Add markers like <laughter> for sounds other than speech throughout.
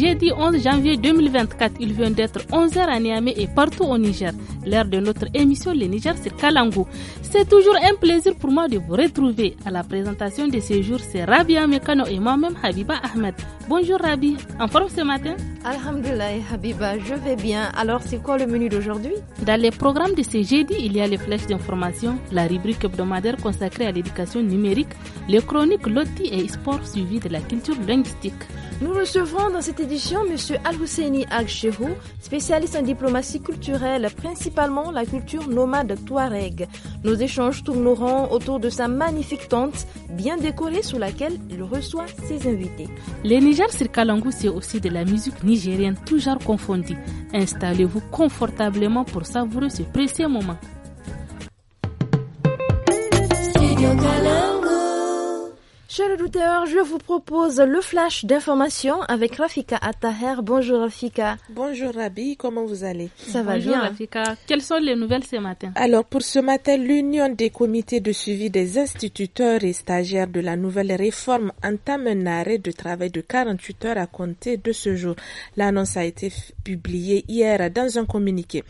jeudi 11 janvier 2024. Il vient d'être 11h à Niamey et partout au Niger. L'heure de notre émission Le Niger, c'est Kalango. C'est toujours un plaisir pour moi de vous retrouver. À la présentation de ce jour, c'est Rabia Mekano et moi-même Habiba Ahmed. Bonjour Rabi, en forme ce matin Alhamdulillah Habiba, je vais bien. Alors c'est quoi le menu d'aujourd'hui Dans les programmes de ce jeudi, il y a les flèches d'information, la rubrique hebdomadaire consacrée à l'éducation numérique, les chroniques Loti et sport suivies de la culture linguistique. Nous recevrons dans cette édition M. Al-Husseini spécialiste en diplomatie culturelle, principalement la culture nomade touareg. Nos échanges tourneront autour de sa magnifique tente, bien décorée sous laquelle il reçoit ses invités. Les Niger sur c'est aussi de la musique nigérienne, toujours confondue. Installez-vous confortablement pour savourer ce précieux moment. Chers auditeurs, je vous propose le flash d'information avec Rafika Attaher. Bonjour Rafika. Bonjour Rabi, comment vous allez Ça va bien. Rafika. Quelles sont les nouvelles ce matin Alors pour ce matin, l'Union des comités de suivi des instituteurs et stagiaires de la nouvelle réforme entame un arrêt de travail de 48 heures à compter de ce jour. L'annonce a été publiée hier dans un communiqué.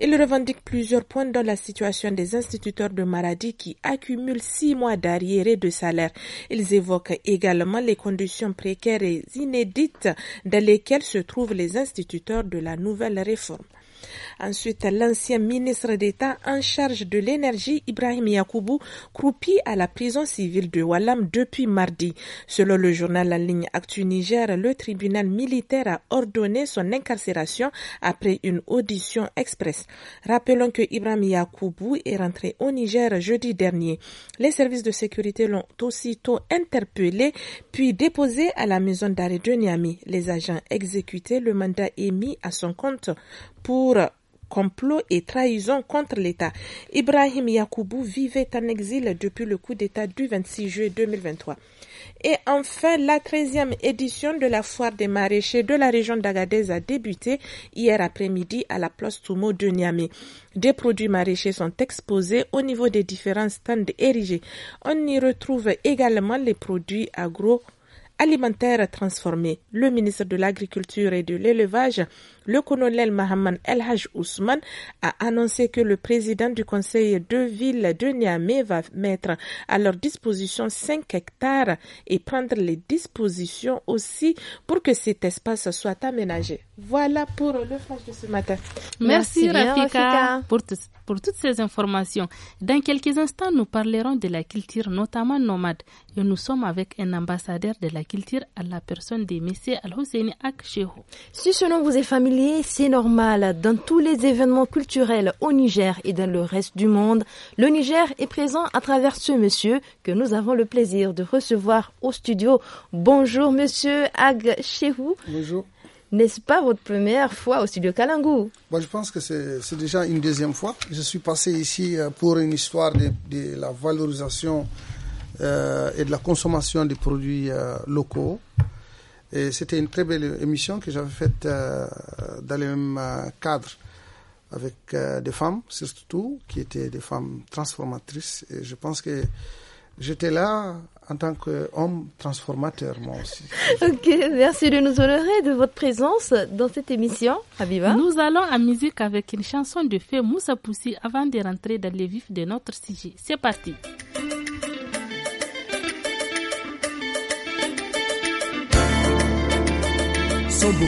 Il revendique plusieurs points dans la situation des instituteurs de maladie qui accumulent six mois d'arriérés de salaire. Ils évoque également les conditions précaires et inédites dans lesquelles se trouvent les instituteurs de la nouvelle réforme. Ensuite, l'ancien ministre d'État en charge de l'énergie, Ibrahim Yakoubou, croupit à la prison civile de Wallam depuis mardi. Selon le journal La ligne Actu Niger, le tribunal militaire a ordonné son incarcération après une audition express. Rappelons que Ibrahim Yakoubou est rentré au Niger jeudi dernier. Les services de sécurité l'ont aussitôt interpellé puis déposé à la maison d'arrêt de Niamey. Les agents exécutés, le mandat émis à son compte pour complot et trahison contre l'État. Ibrahim Yacoubou vivait en exil depuis le coup d'État du 26 juillet 2023. Et enfin, la 13e édition de la foire des maraîchers de la région d'Agadez a débuté hier après-midi à la place Toumo de Niamey. Des produits maraîchers sont exposés au niveau des différents stands érigés. On y retrouve également les produits agro alimentaire transformé. Le ministre de l'Agriculture et de l'Élevage, le colonel Mohamed El Ousman Ousmane, a annoncé que le président du conseil de ville de Niamey va mettre à leur disposition 5 hectares et prendre les dispositions aussi pour que cet espace soit aménagé. Voilà pour le flash de ce matin. Merci, Rafika, pour tout pour toutes ces informations. Dans quelques instants, nous parlerons de la culture, notamment nomade. Et nous sommes avec un ambassadeur de la culture à la personne de Messieurs Al-Husseini Si ce nom vous est familier, c'est normal. Dans tous les événements culturels au Niger et dans le reste du monde, le Niger est présent à travers ce monsieur que nous avons le plaisir de recevoir au studio. Bonjour, monsieur Aksheho. Bonjour. N'est-ce pas votre première fois au studio Kalangu Je pense que c'est déjà une deuxième fois. Je suis passé ici euh, pour une histoire de, la valorisation euh, et de la consommation des produits euh, locaux. Et c'était une très belle émission que j'avais faite dans le même cadre avec des femmes, surtout, qui étaient des femmes transformatrices. Et je pense que j'étais là en tant qu'homme transformateur, moi aussi. <laughs> ok, merci de nous honorer de votre présence dans cette émission, Habiba. Nous allons à musique avec une chanson de feu Moussa Poussi avant de rentrer dans les vifs de notre sujet. C'est parti. Sobo.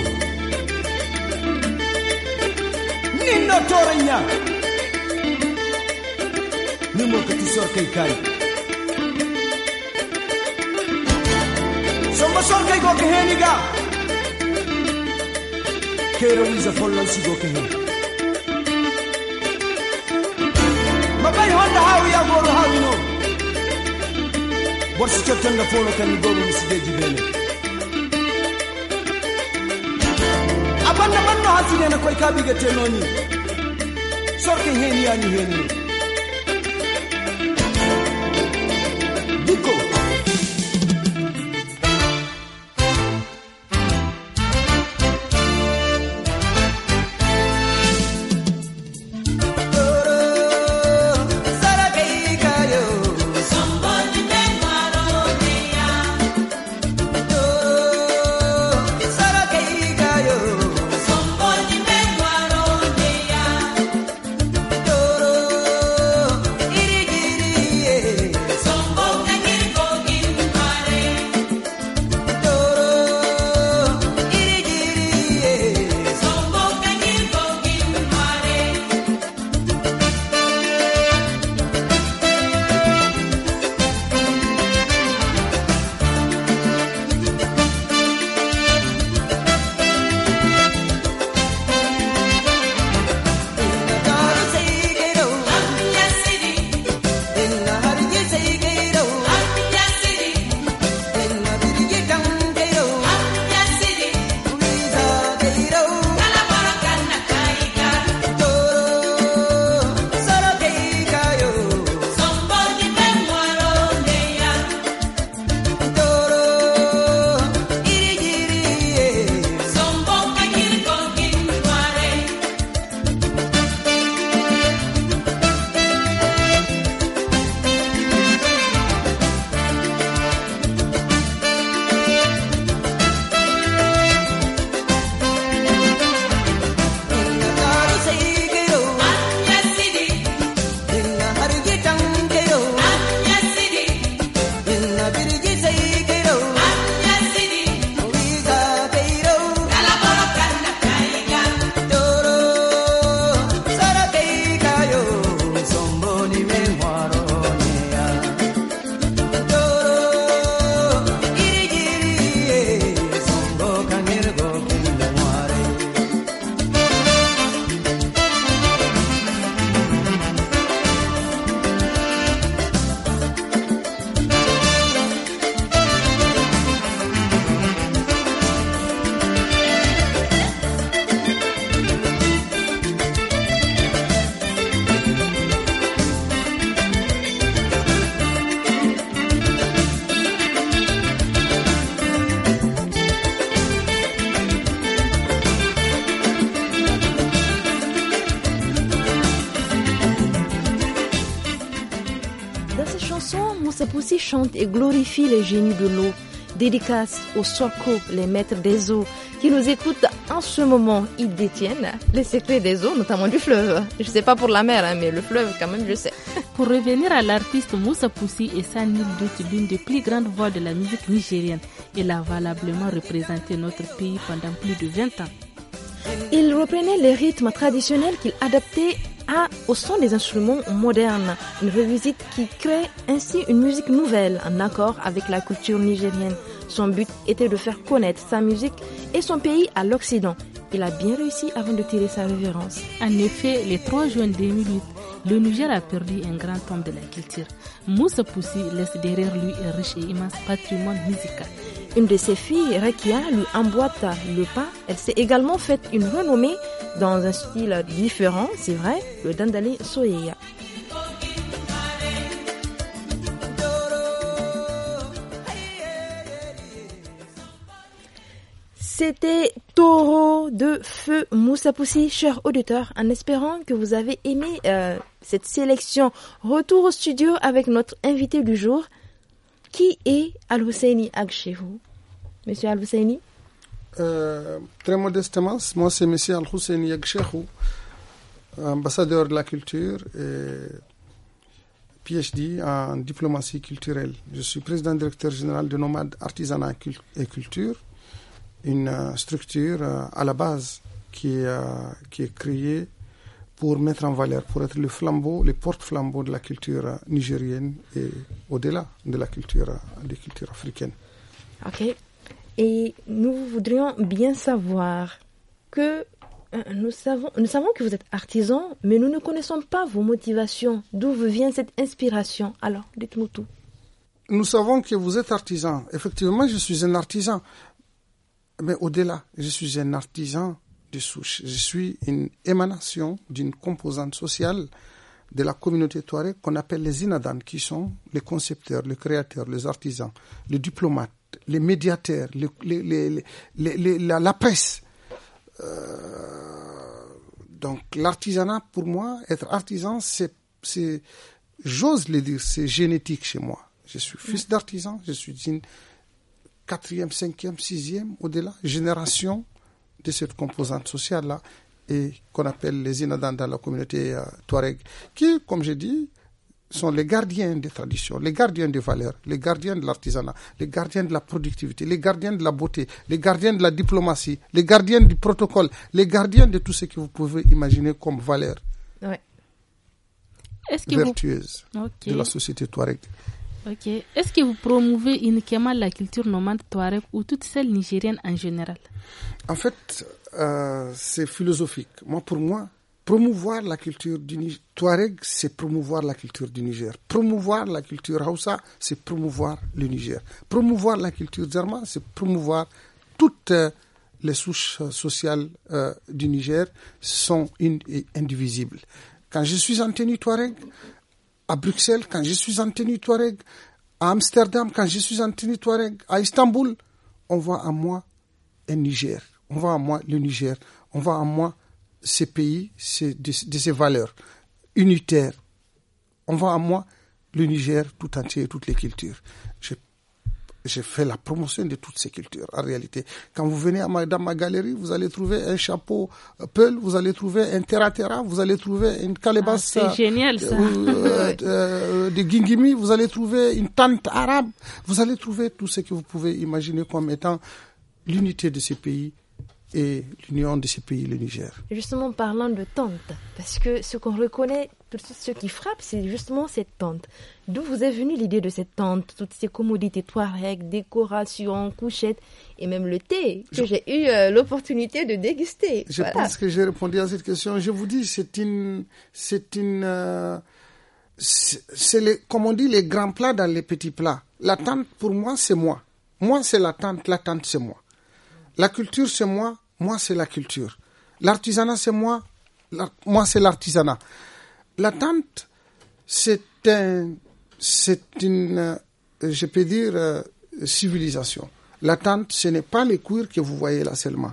Nino Nimo Katisor Massorga go keheniga Kero niza follow si go kehen Mabai honda hawi ya goro hawi no Borsi chaptanga folo kan go ni si deji Abanda Abanna banno hasine na koy kabiga tenoni Sorkin heni yani heni chante et glorifie les génies de l'eau. Dédicace aux Soko, les maîtres des eaux, qui nous écoutent en ce moment. Ils détiennent les secrets des eaux, notamment du fleuve. Je sais pas pour la mer, hein, mais le fleuve, quand même, je sais. <laughs> Pour revenir à l'artiste Moussa Poussi et Sanil doute l'une des plus grandes voix de la musique nigérienne, il a valablement représenté notre pays pendant plus de 20 ans. Il reprenait les rythmes traditionnels qu'il adaptait a au son des instruments modernes, une revisite qui crée ainsi une musique nouvelle en accord avec la culture nigérienne. Son but était de faire connaître sa musique et son pays à l'Occident. Il a bien réussi avant de tirer sa révérence. En effet, les 3 juin 2008, le Niger a perdu un grand homme de la culture. Moussa Poussi laisse derrière lui un riche et immense patrimoine musical. Une de ses filles, Rekia, lui emboîta le pas. Elle s'est également faite une renommée dans un style différent, c'est vrai, le dandali soyeya. C'était Taureau de Feu Moussapoussi, cher auditeur, en espérant que vous avez aimé euh, cette sélection. Retour au studio avec notre invité du jour, qui est Al-Husseini Monsieur Al-Husseini très modestement, moi c'est M. Al-Hussein ambassadeur de la culture et PhD en diplomatie culturelle. Je suis président directeur général de Nomade Artisanat et Culture, une euh, structure euh, à la base qui, euh, qui est créée pour mettre en valeur, pour être le flambeau, le porte-flambeau de la culture nigérienne et au-delà de la culture, des cultures africaines. Ok. Et nous voudrions bien savoir que euh, nous savons, nous savons que vous êtes artisan, mais nous ne connaissons pas vos motivations. D'où vient cette inspiration Alors, dites-nous tout. Nous savons que vous êtes artisan. Effectivement, je suis un artisan. Mais au-delà, je suis un artisan de souche. Je suis une émanation d'une composante sociale de la communauté touareg qu'on appelle les Inadan, qui sont les concepteurs, les créateurs, les artisans, les diplomates les médiateurs, les, la, presse. Euh, donc l'artisanat, pour moi, être artisan, c'est, j'ose le dire, c'est génétique chez moi. Je suis fils mm. d'artisan, je suis d'une quatrième, cinquième, sixième, au-delà, génération de cette composante sociale-là et qu'on appelle les inadans dans la communauté euh, touareg, qui, comme j'ai dit, sont les gardiens des traditions, les gardiens des valeurs, les gardiens de l'artisanat, les gardiens de la productivité, les gardiens de la beauté, les gardiens de la diplomatie, les gardiens du protocole, les gardiens de tout ce que vous pouvez imaginer comme valeur ouais. de la société touareg. Est-ce que vous promouvez uniquement la culture nomade touareg ou toute celle nigérienne en général En fait, euh, c'est philosophique. Moi, pour moi, Promouvoir la culture du Niger. c'est promouvoir la culture du Niger. Promouvoir la culture Hausa, c'est promouvoir le Niger. Promouvoir la culture Zarma, c'est promouvoir toutes euh, les souches euh, sociales euh, du Niger sont indivisibles. Quand je suis en tenue Touareg, à Bruxelles, quand je suis en tenue Touareg, à Amsterdam, quand je suis en tenue Touareg, à Istanbul, on voit à moi un Niger. On voit à moi le Niger. On voit à moi ces pays, ces, de, ces valeurs unitaires. On voit à moi le Niger tout entier, toutes les cultures. J'ai fait la promotion de toutes ces cultures, en réalité. Quand vous venez à dans ma galerie, vous allez trouver un chapeau Peul, vous allez trouver un terra-terra, vous allez trouver une calebasse... Ah, c'est euh, euh, de euh, Gingimi, vous allez trouver une tente arabe, vous allez trouver tout ce que vous pouvez imaginer comme étant l'unité de ces pays, et l'union de ces pays, le Niger. Justement, parlant de tente, parce que ce qu'on reconnaît, tout ce qui frappe, c'est justement cette tente. D'où vous est venue l'idée de cette tente, toutes ces commodités, toilettes, décorations, couchettes, et même le thé que j'ai eu euh, l'opportunité de déguster. Je pense que j'ai répondu à cette question. Je vous dis, c'est une, c'est une, euh, c'est comme on dit, les grands plats dans les petits plats. La tente pour moi, c'est moi. Moi, c'est la tente. La tente, c'est moi. La culture, c'est moi. Moi, c'est la culture. L'artisanat, c'est moi. Moi, c'est l'artisanat. La tente, c'est un, c'est une, euh, je peux dire, euh, civilisation. La tente, ce n'est pas les cuir que vous voyez là seulement.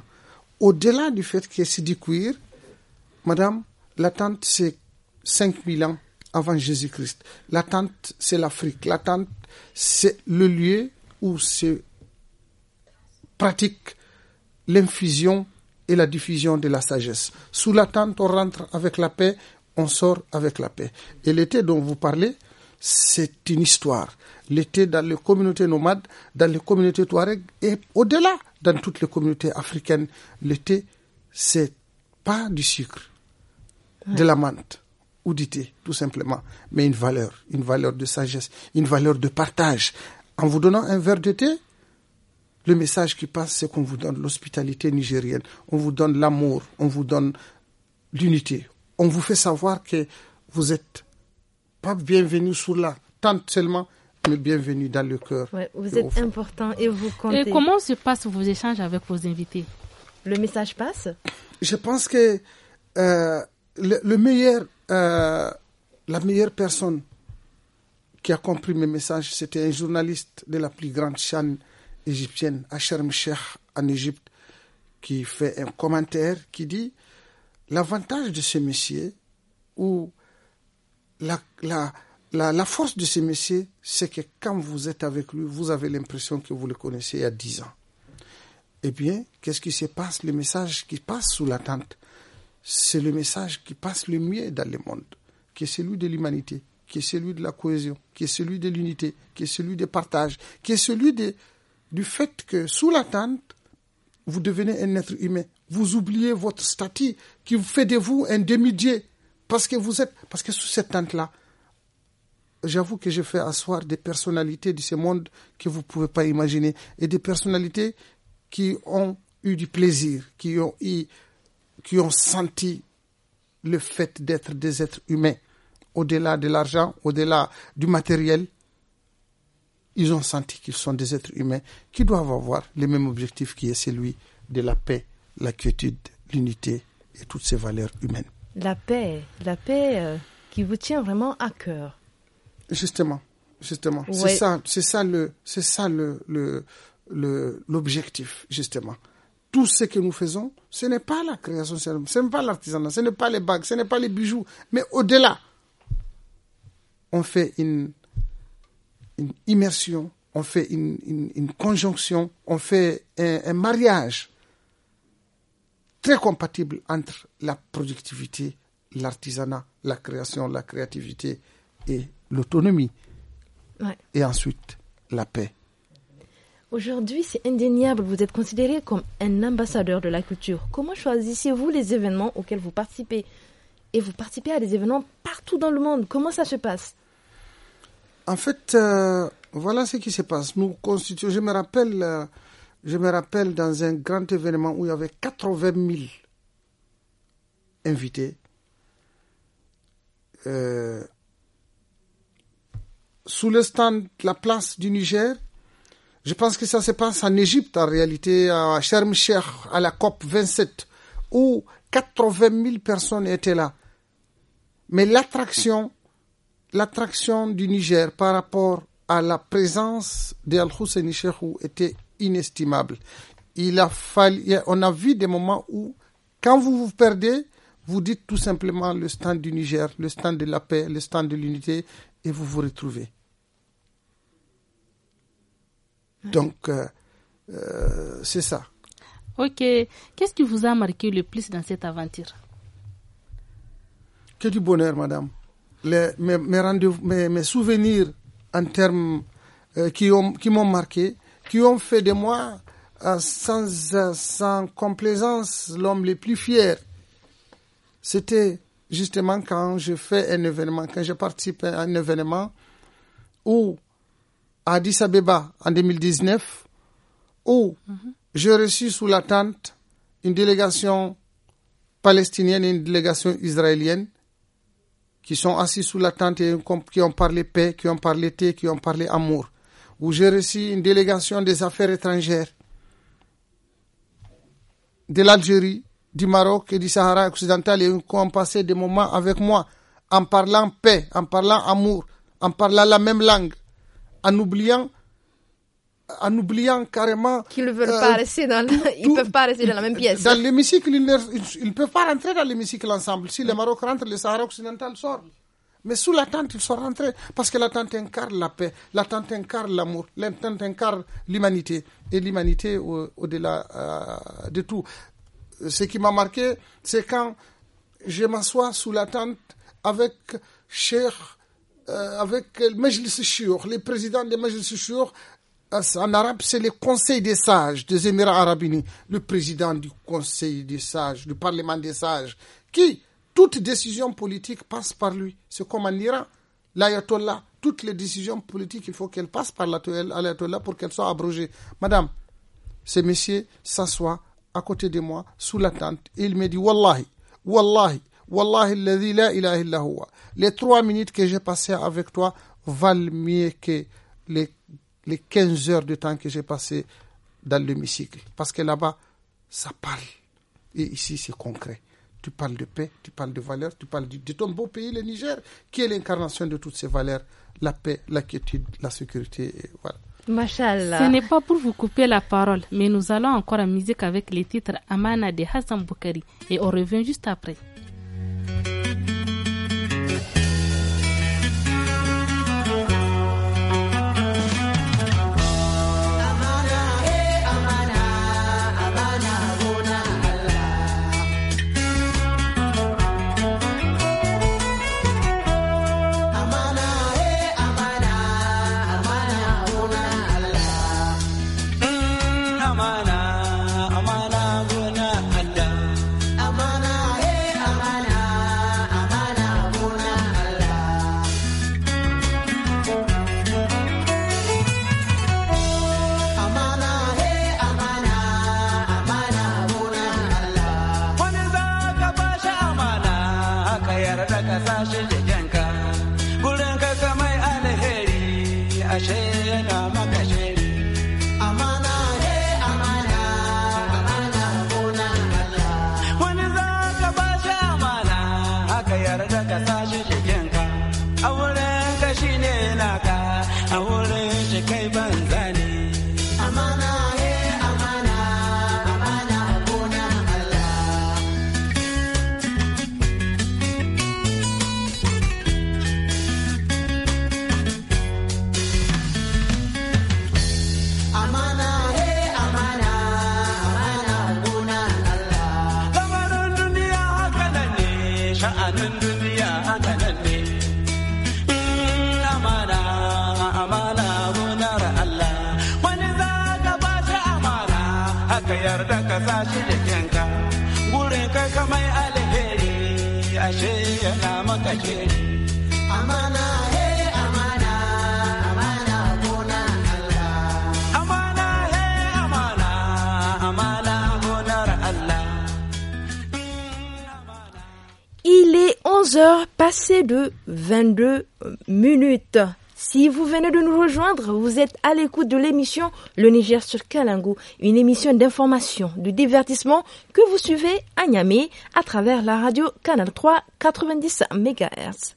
Au-delà du fait que c'est du cuir, madame, la tente, c'est 5000 ans avant Jésus-Christ. La tente, c'est l'Afrique. La c'est le lieu où se pratique l'infusion et la diffusion de la sagesse. Sous la tente, on rentre avec la paix, on sort avec la paix. Et l'été dont vous parlez, c'est une histoire. L'été dans les communautés nomades, dans les communautés touareg et au-delà, dans toutes les communautés africaines, l'été, c'est pas du sucre, de la menthe ou du thé, tout simplement, mais une valeur, une valeur de sagesse, une valeur de partage. En vous donnant un verre de thé, le message qui passe, c'est qu'on vous donne l'hospitalité nigérienne, on vous donne l'amour, on vous donne l'unité. On vous fait savoir que vous êtes pas bienvenu sous la tente seulement, mais bienvenue dans le cœur. vous êtes important et vous comptez. Et comment se passent vos échanges avec vos invités Le message passe Je pense que euh, meilleur, euh, la meilleure personne qui a compris mes messages, c'était un journaliste de la plus grande chaîne égyptienne Asher en Égypte qui fait un commentaire qui dit l'avantage de ce monsieur ou la, la, la, force de ce monsieur, c'est que quand vous êtes avec lui, vous avez l'impression que vous le connaissez il y a dix ans. Eh bien, qu'est-ce qui se passe Le message qui passe sous la tente, c'est le message qui passe le mieux dans le monde, qui est celui de l'humanité, qui est celui de la cohésion, qui est celui de l'unité, qui est celui de partage, qui est celui de du fait que sous la tente, vous devenez un être humain. Vous oubliez votre statut qui vous fait de vous un demi-dieu. Parce que vous êtes, parce que sous cette tente-là, j'avoue que j'ai fait asseoir des personnalités de ce monde que vous ne pouvez pas imaginer et des personnalités qui ont eu du plaisir, qui ont eu, qui ont senti le fait d'être des êtres humains, au-delà de l'argent, au-delà du matériel, ils ont senti qu'ils sont des êtres humains qui doivent avoir le même objectif qui est celui de la paix, la quiétude, l'unité et toutes ces valeurs humaines. La paix, la paix euh, qui vous tient vraiment à cœur. Justement, justement. C'est ça, c'est ça le, c'est ça le, l'objectif, justement. Tout ce que nous faisons, ce n'est pas la création, ce n'est pas l'artisanat, ce n'est pas les bagues, ce n'est pas les bijoux, mais au-delà, on fait une une immersion, on fait une, conjonction, on fait un, mariage très compatible entre la productivité, l'artisanat, la création, la créativité et l'autonomie. Et ensuite, la paix. Aujourd'hui, c'est indéniable, vous êtes considéré comme un ambassadeur de la culture. Comment choisissez-vous les événements auxquels vous participez Et vous participez à des événements partout dans le monde. Comment ça se passe en fait, euh, voilà ce qui se passe. Nous constituons, je me rappelle, euh, je me rappelle dans un grand événement où il y avait 80 000 invités. Euh, sous le stand de la place du Niger, je pense que ça se passe en Égypte en réalité, à Sharm à la COP 27, où 80 000 personnes étaient là. Mais l'attraction, l'attraction du Niger par rapport à la présence d'Al-Hussein Cheikhou était inestimable. Il a fallu, on a vu des moments où, quand vous vous perdez, vous dites tout simplement le stand du Niger, le stand de la paix, le stand de l'unité, et vous vous retrouvez. Donc, euh, euh, c'est ça. Ok. Qu'est-ce qui vous a marqué le plus dans cette aventure Que du bonheur, madame les, mes, mes, souvenirs en termes euh, qui ont qui m'ont marqué, qui ont fait de moi euh, sans, sans complaisance l'homme le plus fier. C'était justement quand je fais un événement, quand je participe à un événement où à Addis Abeba en 2019, où je mhm. j'ai reçu sous la tente une délégation palestinienne et une délégation israélienne qui sont assis sous la tente et qui ont parlé paix, qui ont parlé thé, qui ont parlé amour, où j'ai reçu une délégation des affaires étrangères de l'Algérie, du Maroc et du Sahara occidental et qui ont passé des moments avec moi en parlant paix, en parlant amour, en parlant la même langue, en oubliant en oubliant carrément. Qu'ils ne veulent pas euh, rester dans Ils peuvent pas rester dans la même pièce. Dans l'hémicycle, ils ne peuvent pas rentrer dans l'hémicycle ensemble. Si le Maroc rentre, le Sahara occidental sort. Mais sous la tente, ils sont rentrés parce que la tente incarne la paix, l'attente tente incarne l'amour, la incarne l'humanité et l'humanité au-delà euh, de tout. Ce qui m'a marqué, c'est quand je m'assois sous l'attente avec Cheikh, euh, avec le Majlis Chour les présidents des Majlis en arabe, c'est le Conseil des sages des Émirats arabes unis, le président du Conseil des sages, du Parlement des sages, qui, toute décision politique passe par lui. C'est comme en Iran, l'ayatollah, toutes les décisions politiques, il faut qu'elles passent par l'ayatollah pour qu'elles soient abrogées. Madame, ce monsieur s'assoit à côté de moi, sous la tente, et il me dit, Wallahi, Wallahi, Wallahi, la Les trois minutes que j'ai passées avec toi valent mieux que les les 15 heures de temps que j'ai passé dans l'hémicycle. Parce que là-bas, ça parle. Et ici, c'est concret. Tu parles de paix, tu parles de valeurs, tu parles de ton beau pays, le Niger, qui est l'incarnation de toutes ces valeurs, la paix, la quiétude, la sécurité. voilà. Machallah. Ce n'est pas pour vous couper la parole, mais nous allons encore en musique avec les titres Amana de Hassan Boukari et on revient juste après. ka yarda ka sa shi jikinka gurin kai ka mai alheri ashe yana maka shiri amana he amana amana gona Allah amana he amana amana gonar Allah Il est 11 heures passées de 22 minutes. Si vous venez de nous rejoindre, vous êtes à l'écoute de l'émission Le Niger sur Kalango, une émission d'information, de divertissement que vous suivez à Niamey à travers la radio Canal 3 90 MHz.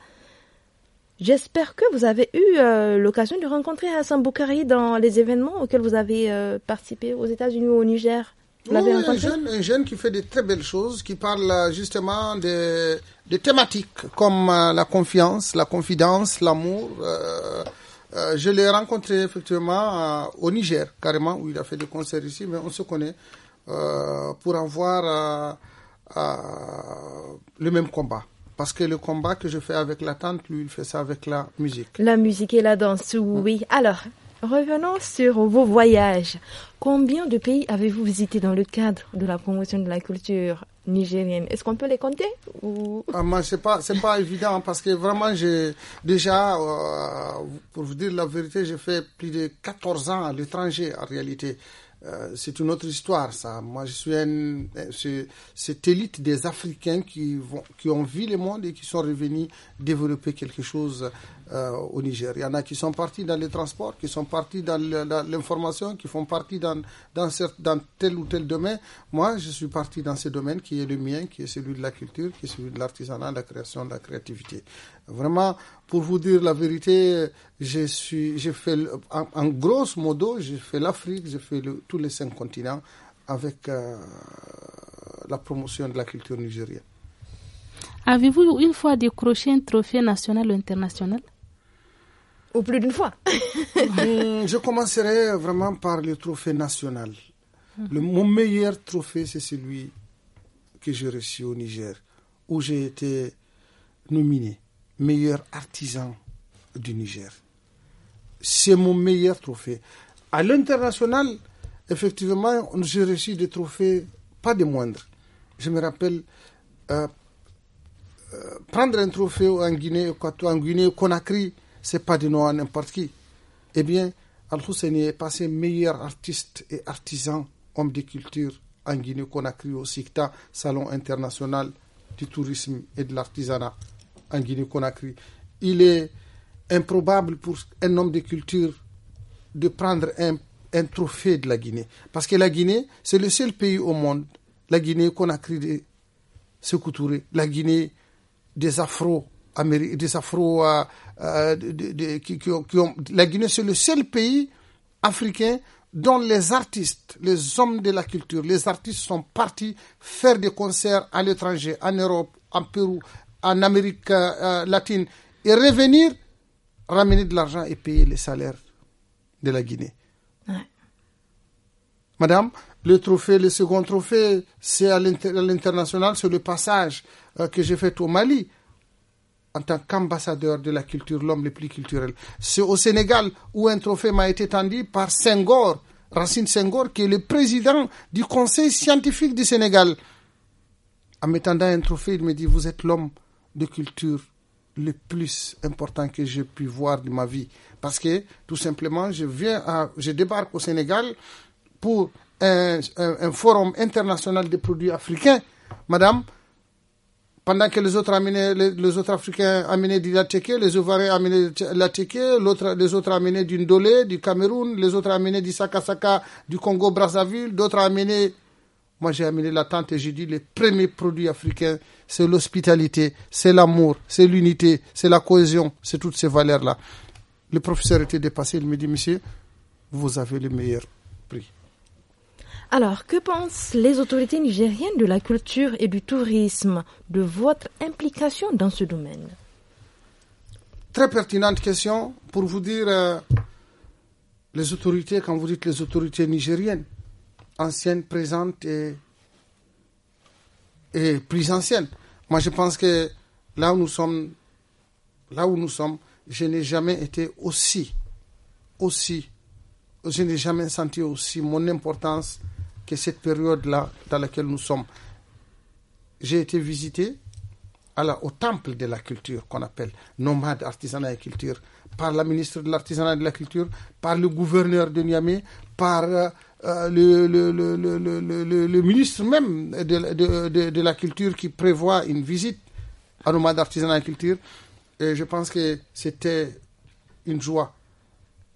J'espère que vous avez eu euh, l'occasion de rencontrer Hassan Boukari dans les événements auxquels vous avez euh, participé aux États-Unis ou au Niger. Vous oui, un un jeune qui fait de très belles choses, qui parle euh, justement de des thématiques comme euh, la confiance, la confidence, l'amour. Euh, euh, je l'ai rencontré effectivement au Niger, carrément, où il a fait des concerts ici, mais on se connaît pour avoir le même combat. Parce que le combat que je fais avec la tante, lui, il fait ça avec la musique. La musique et la danse, oui. Alors, revenons sur vos voyages. Combien de pays avez-vous visité dans le cadre de la promotion de la culture nigériennes. Est-ce qu'on peut les compter ou... Ah, moi, c'est pas, pas évident parce que vraiment, j'ai déjà, euh, pour vous dire la vérité, j'ai fait plus de 14 ans à l'étranger en réalité. Euh, c'est une autre histoire, ça. Moi, je suis euh, cette élite des Africains qui, vont, qui ont vu le monde et qui sont revenus développer quelque chose euh, au Niger. Il y en a qui sont partis dans les transports, qui sont partis dans l'information, qui font partie dans, dans, tel ou tel domaine. Moi, je suis parti dans ce domaine qui est le mien, qui est celui de la culture, qui est celui de l'artisanat, de la création, de la créativité. Vraiment, pour vous dire la vérité, j'ai fait, en, en, gros modo, j'ai fait l'Afrique, j'ai fait tous les cinq continents avec euh, la promotion de la culture nigérienne. Avez-vous une fois décroché un trophée national ou international plus d'une fois hmm, Je commencerai vraiment par le trophée national. Le, mon meilleur trophée, c'est celui que j'ai reçu au Niger, où j'ai été nominé meilleur artisan du Niger. C'est mon meilleur trophée. À l'international, effectivement, j'ai reçu des trophées pas des moindres. Je me rappelle euh, euh, prendre un trophée en Guinée, en Guinée, Conakry, c'est pas de à n'importe qui. Eh bien, Al-Husseini est passé meilleur artiste et artisan, homme de culture en Guinée-Conakry au SICTA, Salon international du tourisme et de l'artisanat en Guinée-Conakry. Il est improbable pour un homme de culture de prendre un, trophée de la Guinée. Parce que la Guinée, c'est le seul pays au monde, la Guinée-Conakry de Secoutouré, la Guinée des Afro, des Afro, euh, qui, ont, la Guinée, c'est le seul pays africain dont les artistes, les hommes de la culture, les artistes sont partis faire des concerts à l'étranger, en Europe, en Pérou, en Amérique euh, euh, latine, et revenir, ramener de l'argent et payer les salaires de la Guinée. Madame, le trophée, le second trophée, c'est à l'international, c'est le passage euh, que j'ai fait au Mali en tant qu'ambassadeur de la culture, l'homme le plus culturel. C'est au Sénégal où un trophée m'a été tendu par Senghor, Racine Senghor, qui est le président du Conseil scientifique du Sénégal. En m'étendant un trophée, il me dit, vous êtes l'homme de culture le plus important que j'ai pu voir de ma vie. Parce que, tout simplement, je viens je débarque au Sénégal pour un, un forum international des produits africains. Madame, pendant que les autres les, autres Africains amenaient du Latéké, les Ovarais amenaient du Latéké, les autres amenaient du Ndolé, du Cameroun, les autres amenaient du Sakasaka, du Congo Brazzaville, d'autres amenaient. Moi, j'ai amené la tente et j'ai dit les premiers produits africains, c'est l'hospitalité, c'est l'amour, c'est l'unité, c'est la cohésion, c'est toutes ces valeurs-là. Le professeur était dépassé, il me dit, monsieur, vous avez le meilleur. Alors, que pensent les autorités nigériennes de la culture et du tourisme, de votre implication dans ce domaine Très pertinente question pour vous dire euh, les autorités, quand vous dites les autorités nigériennes, anciennes, présentes et, plus anciennes. Moi, je pense que là où nous sommes, là où nous sommes, je n'ai jamais été aussi, aussi, je n'ai jamais senti aussi mon importance que cette période-là dans laquelle nous sommes. J'ai été visité au temple de la culture qu'on appelle nomade artisanat et culture par la ministre de l'artisanat et de la culture, par le gouverneur de Niamey, par euh, euh, le, ministre même de, la culture qui prévoit une visite à nomade artisanat et culture. Et je pense que c'était une joie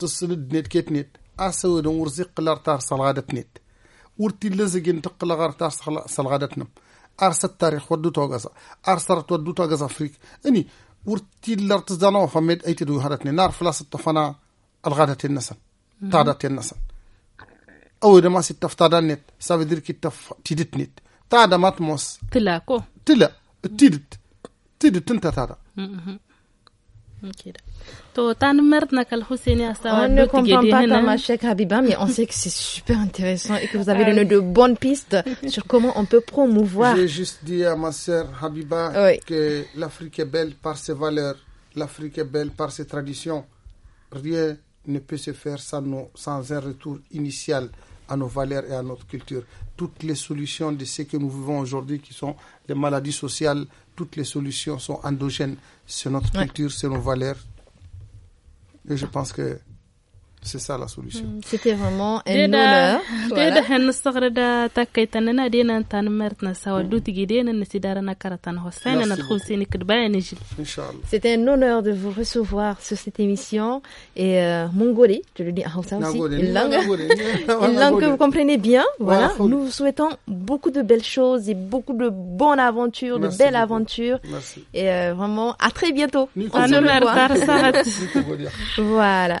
تسلد نت كيت نت أسود ورزي قلار تار صلغادت نت ورتي لزقين تقلا غار تار صلغادت نم أرس التاريخ ودو توغزا أرسرت ودو توغزا فريك أني ورتي لار تزدانو فميد أيتي دو هارتني نار فلاس الطفنا الغادت النسن تادت النسن أو دما ست تفتادان نت سافي دير كي تف تيدت نيت تادا ماتموس تلا كو تلا تيدت تيدت انت تادا On ne comprend pas hein. ma Habiba, mais on sait que c'est super intéressant et que vous avez donné ah de bonnes pistes sur comment on peut promouvoir. J'ai juste dit à ma sœur Habiba que l'Afrique est belle par ses valeurs, l'Afrique est belle par ses traditions. Rien ne peut se faire sans un retour initial à nos valeurs et à notre culture. Toutes les solutions de ce que nous vivons aujourd'hui, qui sont les maladies sociales, toutes les solutions sont endogènes. C'est notre culture, c'est nos valeurs. Et je pense que c'est ça la solution. Hmm, c'était vraiment un honneur. C'était un honneur de vous recevoir sur cette émission. Et euh, Mongolie je le dis en aussi, <laughs> <laughs> une langue, que vous comprenez bien. Voilà. Nous vous souhaitons beaucoup de belles choses et beaucoup de bonnes aventures, de belles aventures. Et euh, vraiment, à très bientôt. <laughs> Voilà.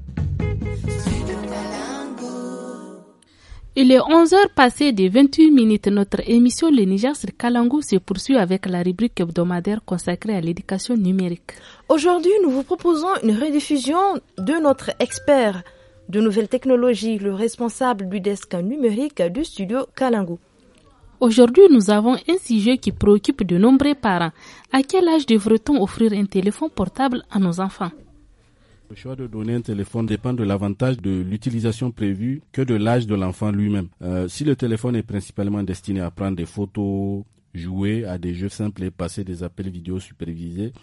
Il est 11h passé de 28 minutes. Notre émission Le Niger sur Kalangou se poursuit avec la rubrique hebdomadaire consacrée à l'éducation numérique. Aujourd'hui, nous vous proposons une rediffusion de notre expert de nouvelles technologies, le responsable du desk numérique du studio Kalangou. Aujourd'hui, nous avons un sujet qui préoccupe de nombreux parents. À quel âge devrait-on offrir un téléphone portable à nos enfants le choix de donner un téléphone dépend de l'avantage de l'utilisation prévue que de l'âge de l'enfant lui-même. Euh, si le téléphone est principalement destiné à prendre des photos, jouer à des jeux simples et passer des appels vidéo supervisés,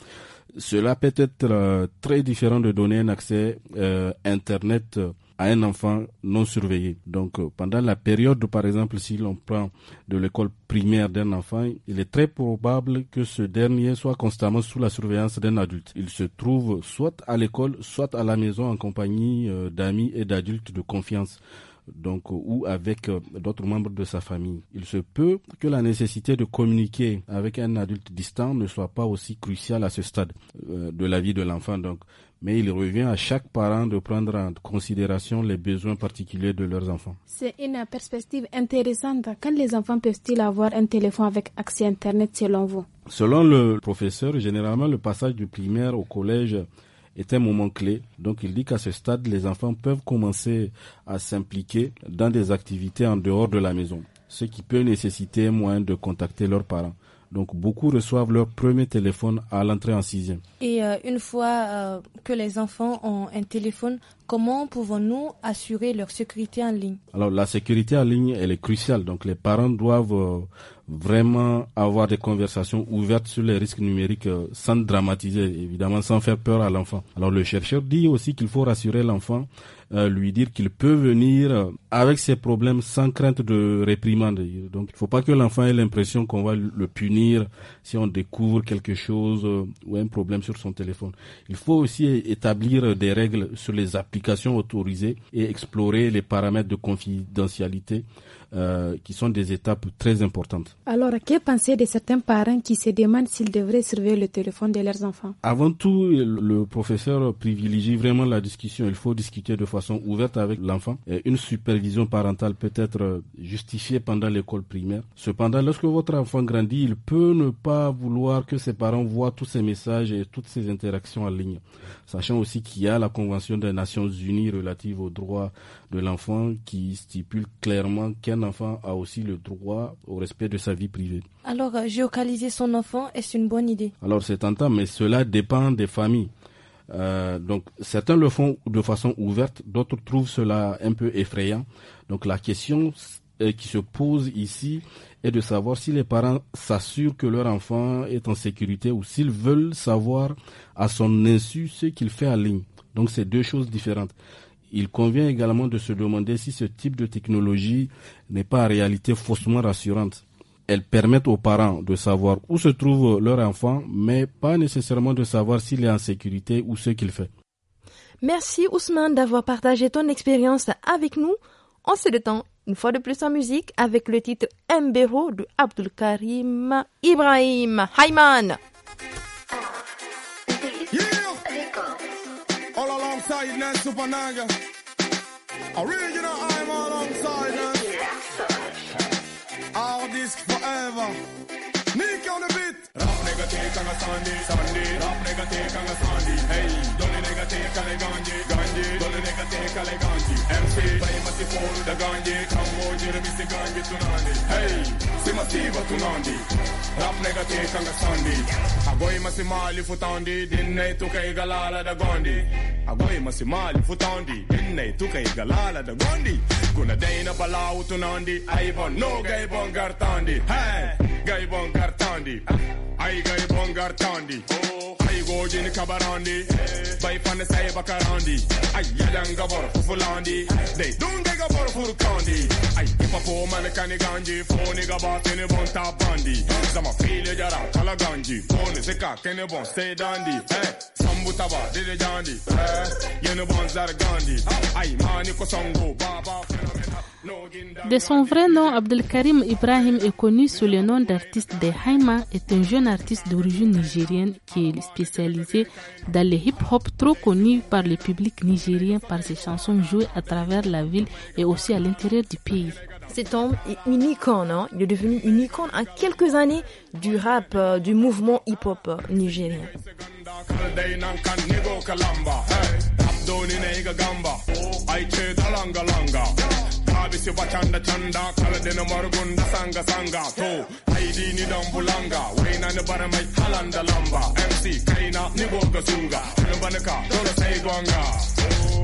cela peut être euh, très différent de donner un accès euh, Internet à un enfant non surveillé. Donc, euh, pendant la période, par exemple, si l'on prend de l'école primaire d'un enfant, il est très probable que ce dernier soit constamment sous la surveillance d'un adulte. Il se trouve soit à l'école, soit à la maison en compagnie euh, d'amis et d'adultes de confiance donc euh, ou avec d'autres membres de sa famille. Il se peut que la nécessité de communiquer avec un adulte distant ne soit pas aussi cruciale à ce stade de la vie de l'enfant. Donc, mais il revient à chaque parent de prendre en considération les besoins particuliers de leurs enfants. C'est une perspective intéressante. Quand les enfants peuvent-ils avoir un téléphone avec accès Internet selon vous Selon le professeur, généralement le passage du primaire au collège est un moment clé. Donc il dit qu'à ce stade, les enfants peuvent commencer à s'impliquer dans des activités en dehors de la maison, ce qui peut nécessiter moins moyen de contacter leurs parents. Donc beaucoup reçoivent leur premier téléphone à l'entrée en sixième. Et euh, une fois euh, que les enfants ont un téléphone, comment pouvons-nous assurer leur sécurité en ligne Alors la sécurité en ligne, elle est cruciale. Donc les parents doivent euh, vraiment avoir des conversations ouvertes sur les risques numériques sans dramatiser, évidemment sans faire peur à l'enfant. Alors le chercheur dit aussi qu'il faut rassurer l'enfant euh, lui dire qu'il peut venir euh, avec ses problèmes sans crainte de réprimande. Donc il ne faut pas que l'enfant ait l'impression qu'on va le punir si on découvre quelque chose euh, ou un problème sur son téléphone. Il faut aussi établir des règles sur les applications autorisées et explorer les paramètres de confidentialité euh, qui sont des étapes très importantes. Alors, que penser de certains parents qui se demandent s'ils devraient surveiller le téléphone de leurs enfants Avant tout, le professeur privilégie vraiment la discussion. Il faut discuter de façon ouverte avec l'enfant. Une supervision parentale peut être euh, justifiée pendant l'école primaire. Cependant, lorsque votre enfant grandit, il peut ne pas vouloir que ses parents voient tous ses messages et toutes ses interactions en ligne. Sachant aussi qu'il y a la Convention des Nations Unies relative aux droits de l'enfant qui stipule clairement qu'un enfant a aussi le droit au respect de sa vie privée. Alors, euh, géocaliser son enfant, est-ce une bonne idée Alors, c'est tentant, mais cela dépend des familles. Euh, donc certains le font de façon ouverte, d'autres trouvent cela un peu effrayant. Donc la question euh, qui se pose ici est de savoir si les parents s'assurent que leur enfant est en sécurité ou s'ils veulent savoir à son insu ce qu'il fait en ligne. Donc c'est deux choses différentes il convient également de se demander si ce type de technologie n'est pas en réalité faussement rassurante. Elles permettent aux parents de savoir où se trouve leur enfant, mais pas nécessairement de savoir s'il est en sécurité ou ce qu'il fait. Merci Ousmane d'avoir partagé ton expérience avec nous. On se détend une fois de plus en musique avec le titre Mbero de Abdul Karim Ibrahim Hayman. alongside Nan Supernanga. Original I'm alongside Nan. Our disc forever nigga take on a Sunday, Sunday. Rap nigga take on a Sunday, hey. Dolly nigga take on a ganje, ganje. Dolly nigga take on a ganje. MC, play masi for the ganje. Come on, jere misi ganje tunandi, hey. Sima siva tunandi. Rap nigga take on a Sunday. Agoi masi mali futandi, dinne tu kai galala da gondi. Agoi masi mali futandi, dinne tu kai galala da Gandhi. Kuna daina balau tunandi, ai bon no gay bon gartandi, hey. Gay bon gartandi, ai guy Bongar Tandi. I go in the Kabarandi. By Pan the Saiba Karandi. I Yadanga for Fulandi. They don't take a for candy, I keep a poor man a ganji, Phone nigga bought in a bon tap bandi. Some a failure Jara Kalaganji. Phone is a cock in a bon stay dandy. Eh, some butaba did a dandy. Eh, you know, bonds are Gandhi. I man, you could song go Baba. De son vrai nom, Abdelkarim Ibrahim est connu sous le nom d'artiste de Haima, est un jeune artiste d'origine nigérienne qui est spécialisé dans le hip-hop trop connu par le public nigérien par ses chansons jouées à travers la ville et aussi à l'intérieur du pays. Cet homme est une icône, hein. il est devenu une icône en quelques années du rap, euh, du mouvement hip-hop nigérien habisi bachanda chanda kala dena marugunda sanga sanga to haidi ni dambulanga waina ni bara mai halanda lamba mc kaina ni boga sunga kana banaka dole sai gwanga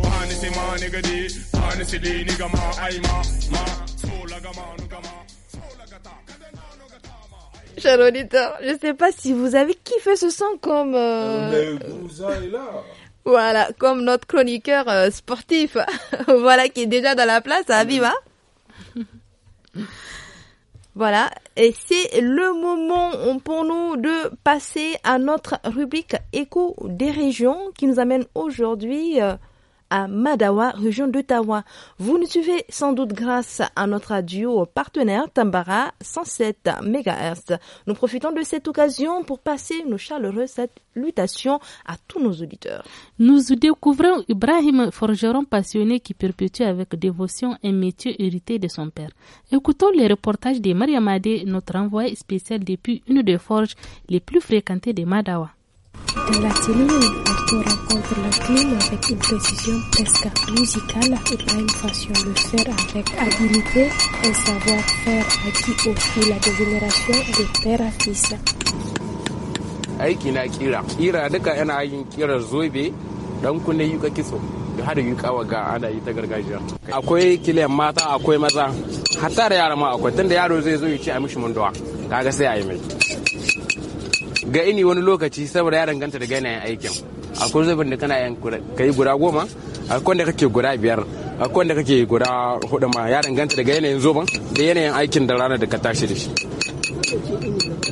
pani si mani gadi pani si dini gama aima ma sola gama nu gama sola gata Cher auditeur, je sais pas si vous avez kiffé ce son comme... Euh... Mais euh, vous là voilà, comme notre chroniqueur euh, sportif, <laughs> voilà, qui est déjà dans la place à hein, viva. <laughs> Voilà, et c'est le moment pour nous de passer à notre rubrique écho des régions qui nous amène aujourd'hui euh, à Madawa, région d'Ottawa. Vous nous suivez sans doute grâce à notre radio partenaire Tambara 107 MHz. Nous profitons de cette occasion pour passer nos chaleureuses salutations à tous nos auditeurs. Nous découvrons Ibrahim, forgeron passionné qui perpétue avec dévotion un métier hérité de son père. Écoutons les reportages de Mariamade, notre envoyé spécial depuis une des forges les plus fréquentées de Madawa. Della Zilinin Artura contre le clim avec une précision presque musicale et prend une façon de faire avec habilité, un savoir-faire acquis au fil des générations de père à fils. aiki na kira kira duka yana yin kirar zobe dan kunne yuka kitso yi yuka waga ana yi ta gargajiya akwai kilen mata akwai maza hatta da yara ma akwai tunda yaro zai zo ya ce a mishi munduwa kaga sai a yi mai ga ini wani lokaci saboda ya danganta da yanayin aikin akwai zubin da kana kai guda goma akwai wanda kake guda biyar akwai wanda kake guda hudu ma ya danganta daga yanayin zoben da yanayin aikin da rana da ka tashi da shi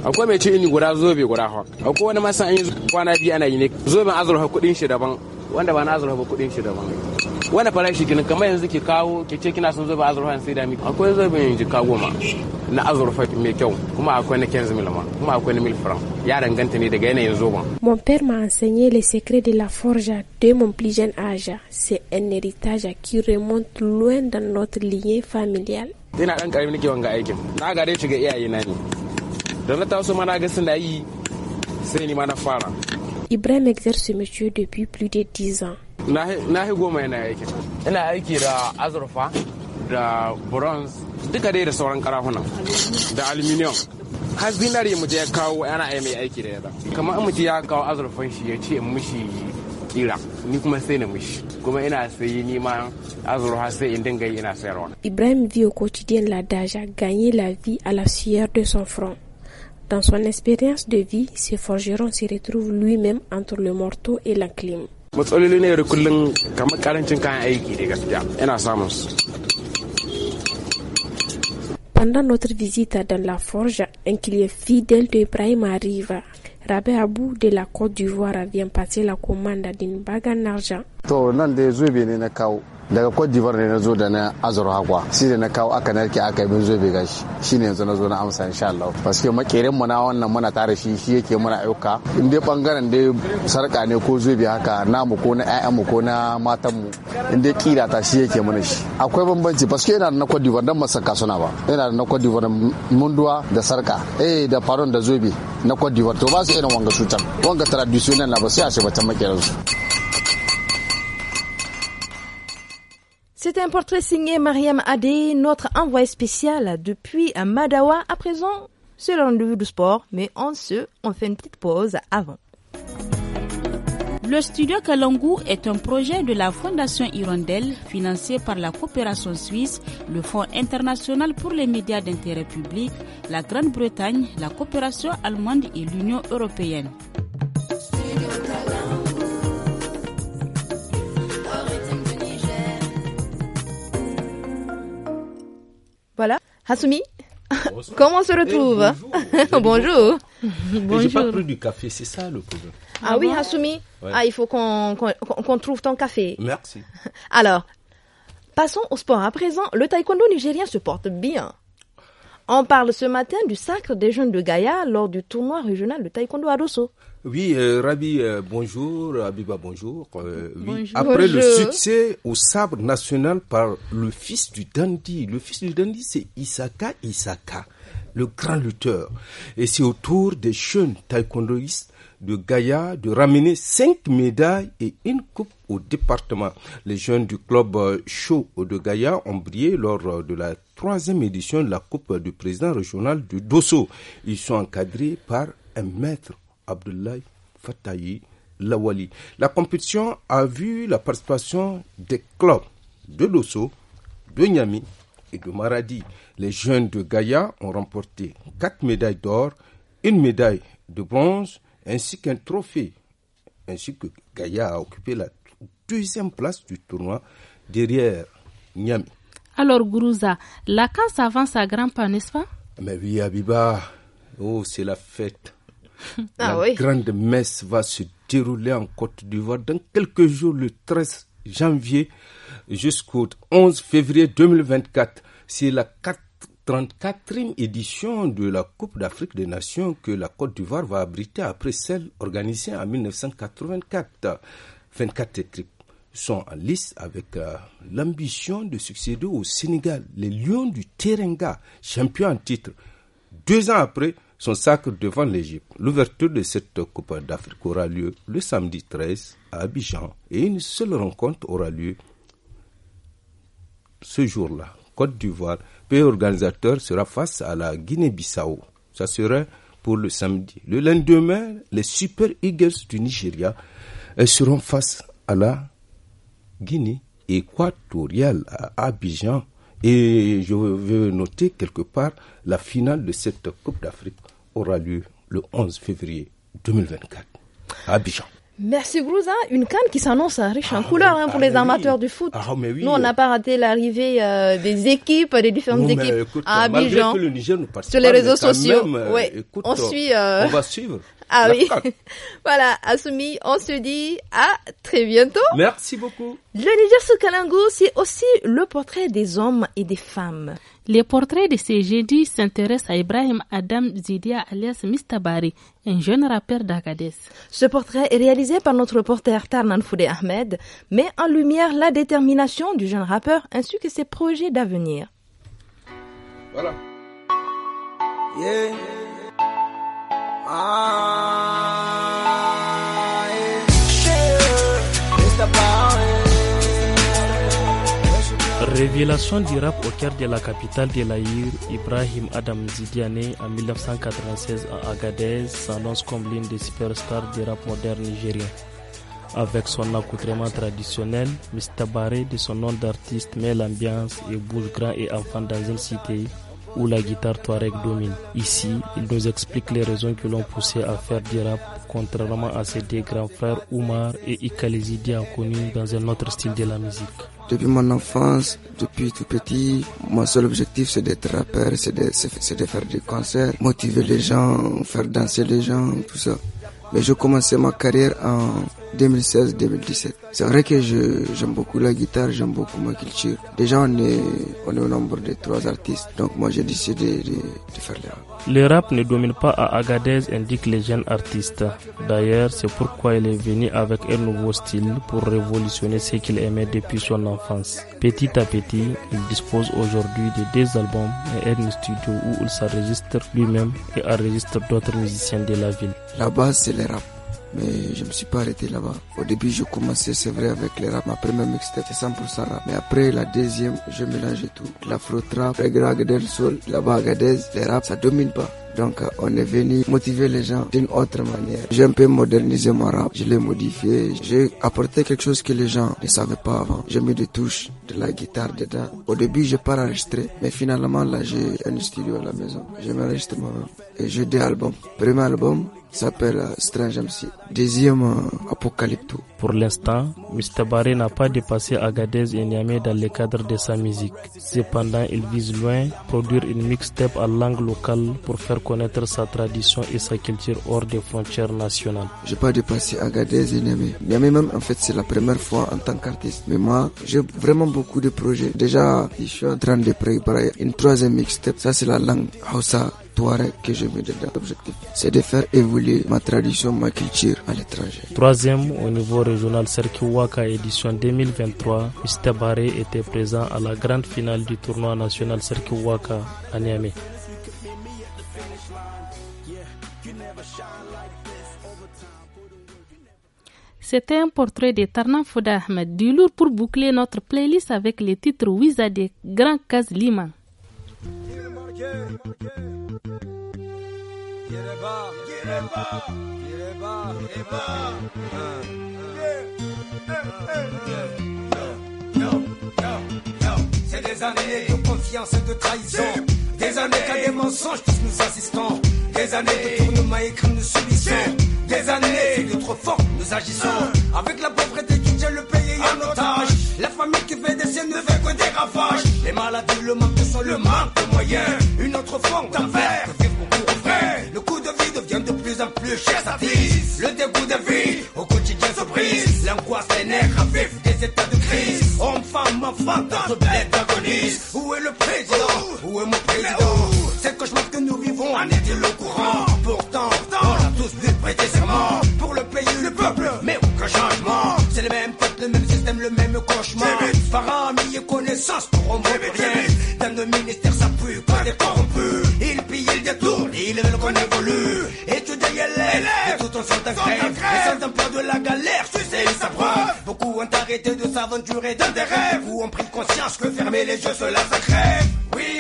akwai mai ci ini guda zobe guda hawa akwai wani masan an yi kwana biyu ana yi ne zoben azurfa kudin shi daban wanda ba na azurfa ba kudin shi daban wani farashi kenan kamar yanzu ke kawo ke ce kina son zuba azurfa sai da miki akwai zobe jika goma na azurfa mai kyau kuma akwai na kenzi milama kuma akwai na mil franc ya danganta ne daga yanayin zoben. mon père m'a enseigné les secrets de la forge de mon plus jeune âge c'est un héritage qui remonte loin dans notre lien familial. ina dan karami nake wanga aikin na gare shiga iyaye na ne da na taso mana ga suna yi sai ni ma na fara. Ibrahim exerce ce métier depuis plus de 10 ans. na hi goma yana aiki ina aiki da azurfa da bronze duka dai da sauran karafuna da aluminium har zinari mu je kawo yana ai mai aiki da yada kamar mu mutu ya kawo azurfan shi ya ce mushi kira ni kuma sai na mushi kuma ina sayi ni ma azurfa sai in dinga yi ina sayarwa Ibrahim vio au quotidien la daja gagner la vie à la sueur de son front Dans son expérience de vie, ce forgeron se retrouve lui-même entre le morteau et la clim matsaloli ne da kullum kamar karancin kayan aiki da gaskiya ina samun su Pendant notre visite dans la forge, un client fidèle de Ibrahim arrive. Rabé Abou de la Côte d'Ivoire vient passer la commande d'une bague en argent. To nan da zubi ne na kawo. daga Cote d'Ivoire ne na zo da na azurfa hakwa shi da na kawo aka narke aka bin zo bai gashi ne yanzu na zo na amsa insha Allah paske makerin mu na wannan muna tare shi shi yake muna ayyuka in dai bangaren dai sarka ne ko zobe haka na mu ko na ƴaƴan mu ko na matan mu in dai kira ta shi yake muna shi akwai bambanci paske ina da na Cote d'Ivoire dan ba sarka suna ba ina da na Cote d'Ivoire munduwa da sarka eh da faron da zobe na Cote d'Ivoire to ba su irin wanga cutar wanga traditional na ba sai a shi ba ta makerin su C'est un portrait signé Mariam Adé, notre envoyé spécial depuis Madawa. À présent, c'est le rendez-vous du sport, mais on ce on fait une petite pause avant. Le studio Kalangu est un projet de la Fondation Hirondelle financé par la coopération suisse, le Fonds international pour les médias d'intérêt public, la Grande-Bretagne, la coopération allemande et l'Union européenne. Voilà. Hasumi, Comment on se retrouve eh, Bonjour. <laughs> bonjour. n'ai <laughs> pas pris du café, c'est ça le problème. Ah oui, Hasumi. Ah, il faut qu'on trouve ton café. Merci. <laughs> Alors, passons au sport. À présent, le taekwondo nigérien se porte bien. On parle ce matin du sacre des jeunes de Gaïa lors du tournoi régional de taekwondo à Dosso. Oui, euh, Rabi, euh, bonjour. Abiba, bonjour. Euh, oui. Après le succès au sabre national par le fils du dandy. Le fils du dandy, c'est Isaka Isaka, le grand lutteur. Et c'est au tour des jeunes taekwondoïstes de Gaïa de ramener cinq médailles et une coupe au département. Les jeunes du club euh, show de Gaïa ont brillé lors de la troisième édition de la Coupe du président régional du Dosso. Ils sont encadrés par un maître Abdoulaye Fatayi Lawali. La compétition a vu la participation des clubs de Loso, de Niami et de Maradi. Les jeunes de Gaïa ont remporté quatre médailles d'or, une médaille de bronze ainsi qu'un trophée. Ainsi que Gaïa a occupé la deuxième place du tournoi derrière Niami. Alors Gourouza, la case s'avance à grands pas, n'est-ce pas Mais oui, Abiba. Oh, c'est la fête la ah grande messe va se dérouler en Côte d'Ivoire dans quelques jours, le 13 janvier jusqu'au 11 février 2024. C'est la 34e édition de la Coupe d'Afrique des Nations que la Côte d'Ivoire va abriter après celle organisée en 1984. 24 équipes sont en lice avec euh, l'ambition de succéder au Sénégal, les Lions du Teranga, champions en titre. Deux ans après, son sacre devant l'Égypte. L'ouverture de cette Coupe d'Afrique aura lieu le samedi 13 à Abidjan et une seule rencontre aura lieu ce jour-là. Côte d'Ivoire, pays organisateur, sera face à la Guinée-Bissau. Ça sera pour le samedi. Le lendemain, les Super Eagles du Nigeria seront face à la Guinée équatoriale à Abidjan. Et je veux noter quelque part la finale de cette Coupe d'Afrique aura lieu le 11 février 2024 à Abidjan. Merci Grouza, une canne qui s'annonce riche en ah, couleurs hein, ah, pour les amateurs du foot. Ah, nous, on n'a pas raté l'arrivée euh, des équipes, des différentes équipes à Abidjan, sur les réseaux sociaux. Euh, on suit. Euh, on va suivre. <laughs> Ah oui. <laughs> voilà, Asumi, on se dit à très bientôt. Merci beaucoup. Le Niger sous c'est aussi le portrait des hommes et des femmes les portraits de ces jeudi s'intéressent à Ibrahim Adam Zidia alias Mistabari, un jeune rappeur d'Agadez. Ce portrait est réalisé par notre reporter Tarnan Foudé Ahmed, met en lumière la détermination du jeune rappeur ainsi que ses projets d'avenir. Voilà. Ah. Révélation du rap au cœur de la capitale de l'Aïr, Ibrahim Adam Zidiane en 1996 à Agadez s'annonce comme l'une des superstars du rap moderne nigérien. Avec son accoutrement traditionnel, Mr. Barré de son nom d'artiste met l'ambiance et bouge grand et enfant dans une cité où la guitare Touareg domine. Ici, il nous explique les raisons que l'on poussé à faire du rap, contrairement à ses deux grands frères Oumar et Ikalizidia connus dans un autre style de la musique. Depuis mon enfance, depuis tout petit, mon seul objectif c'est d'être rappeur, c'est de, faire des concerts, motiver les gens, faire danser les gens, tout ça. Mais je commençais ma carrière en 2016-2017. C'est vrai que j'aime beaucoup la guitare, j'aime beaucoup ma culture. Déjà, on est, on est au nombre de trois artistes, donc moi j'ai décidé de, faire le rap. Le rap ne domine pas à Agadez, indique les jeunes artistes. D'ailleurs, c'est pourquoi il est venu avec un nouveau style pour révolutionner ce qu'il aimait depuis son enfance. Petit à petit, il dispose aujourd'hui de deux albums et un studio où il s'enregistre lui-même et enregistre d'autres musiciens de la ville. La base, c'est le rap mais je me suis pas arrêté là-bas. Au début, je commençais, c'est vrai, avec les rap. Ma première mixtape, c'est 100% rap. Mais après, la deuxième, je mélangeais tout. La trap le grag del sol, la bagadez, les rap, ça domine pas. Donc on est venu motiver les gens d'une autre manière. J'ai un peu modernisé mon rap, je l'ai modifié, j'ai apporté quelque chose que les gens ne savaient pas avant. J'ai mis des touches, de la guitare dedans. Au début, j'ai pas enregistré, mais finalement là, j'ai un studio à la maison. Je m'enregistre moi-même et j'ai deux albums. Premier album s'appelle euh, Strange MC. Deuxième euh, Apocalypto. Pour l'instant, Barry n'a pas dépassé Agadez et Niamey dans le cadre de sa musique. Cependant, il vise loin, produire une mixtape en langue locale pour faire connaître sa tradition et sa culture hors des frontières nationales. Je n'ai pas dépassé Agadez et Niamey. Niamey même, en fait, c'est la première fois en tant qu'artiste. Mais moi, j'ai vraiment beaucoup de projets. Déjà, je suis en train de préparer une troisième mixtape. Ça, c'est la langue Hausa que c'est de faire évoluer ma tradition, ma culture à l'étranger. Troisième, au niveau régional, circuit Waka édition 2023, Mr. Baré était présent à la grande finale du tournoi national circuit Waka à Niamey. C'était un portrait de Tarnan Foda Ahmed du lourd pour boucler notre playlist avec les titres Wiza des Grand Liman c'est des années de confiance et de trahison. Des années qu'à des mensonges tous nous assistons. Des années de tournements et crimes nous subissons. Des années de trop fort nous agissons. Avec la pauvreté qui tient le pays en otage. La famille qui fait des siennes ne fait que des ravages. Les maladies, le manque de le manque de moyens. Une autre forme d'envers Le coup de vie devient de plus en plus cher, ça Le dégoût de vie, au quotidien se brise. L'angoisse, les nerfs à des états de crise. Hommes, femmes, enfants, dans agonise. Où est le président Où est mon président C'est cauchemar que nous vivons en est le courant Pourtant, on a tous dû prêter serment. Pour le pays, le peuple, mais aucun changement. C'est le même le même cauchemar. Pharaon, amis et connaissances pour un rien. Dans le ministère, ça pue pas des corrompus. Ils pillent, ils détournent, ils veulent qu'on évolue. Et Étudier l'élève, et tout en s'entendant. en crève. sans de la galère, tu sais, il Beaucoup ont arrêté de s'aventurer dans des rêves. Ou ont pris conscience que fermer les yeux, cela la Oui.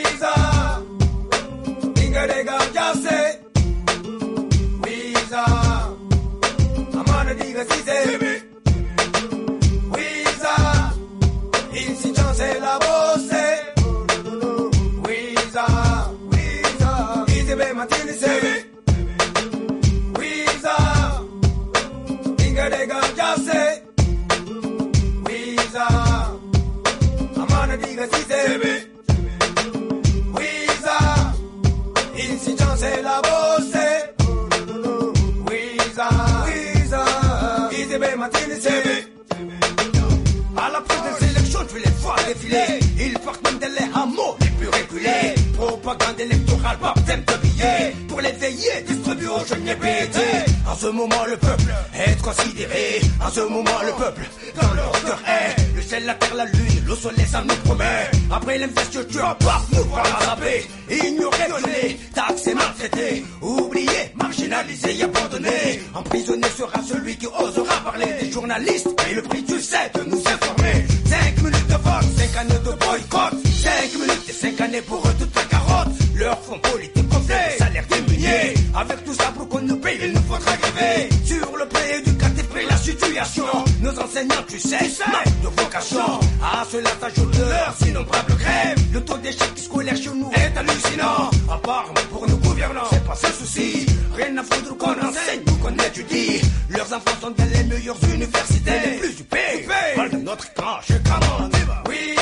Il Ils portent même des hameaux les plus régulés Propagande électorale, baptême de billets. Pour les veiller, distribuer aux jeunes les En ce moment, le peuple est considéré. En ce moment, le peuple, dans leur cœur est. Le ciel, la terre, la lune, le soleil, ça nous promet. Après l'investiture, paf, nous voilà rattrapés. Ignorés, violés, taxés, maltraités. Oubliés, marginalisés et abandonnés. Emprisonné sera celui qui osera parler des journalistes. Et le prix, tu sais, de nous informer. 5 années de boycott 5 minutes et 5 années pour eux toutes la carotte Leur fonds politique complet, salaire diminué Avec tout ça pour qu'on nous paye, il nous faudra gréver Sur le prêt éducatif et la situation Nos enseignants, tu sais, manquent de vocation À cela t'ajoutes leurs innombrables grèves Le taux d'échec scolaire chez nous est hallucinant À part pour nos gouvernants, c'est pas ça souci Rien à foutre qu'on enseigne on étudie. Leurs enfants sont dans les meilleures universités, les plus pays Mal de notre camp, je commande. Oui.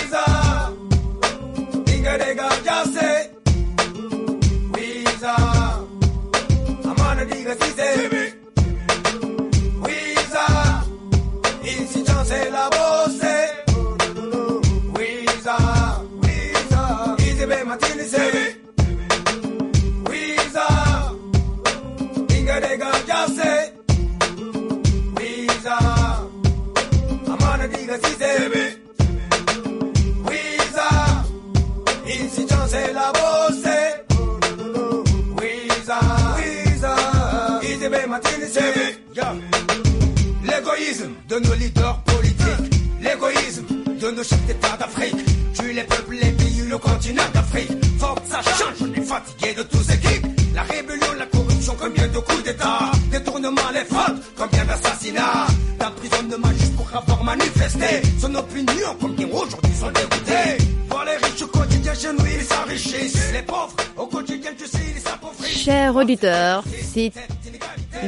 L'égoïsme de nos leaders politiques, l'égoïsme de nos chefs d'État d'Afrique. Tu les peuples, les pays, le continent d'Afrique. Faut ça change, on est fatigué de tous ces geeks La rébellion, la corruption, combien de coups d'État, Détournement, les fraudes, combien d'assassinats, d'emprisonnement juste pour avoir manifesté son opinion, combien aujourd'hui sont dégoûtés. Pour les riches au quotidien chez nous, ils s'enrichissent. Les pauvres au quotidien, tu sais, ils s'appauvrissent. Chers auditeurs, c'est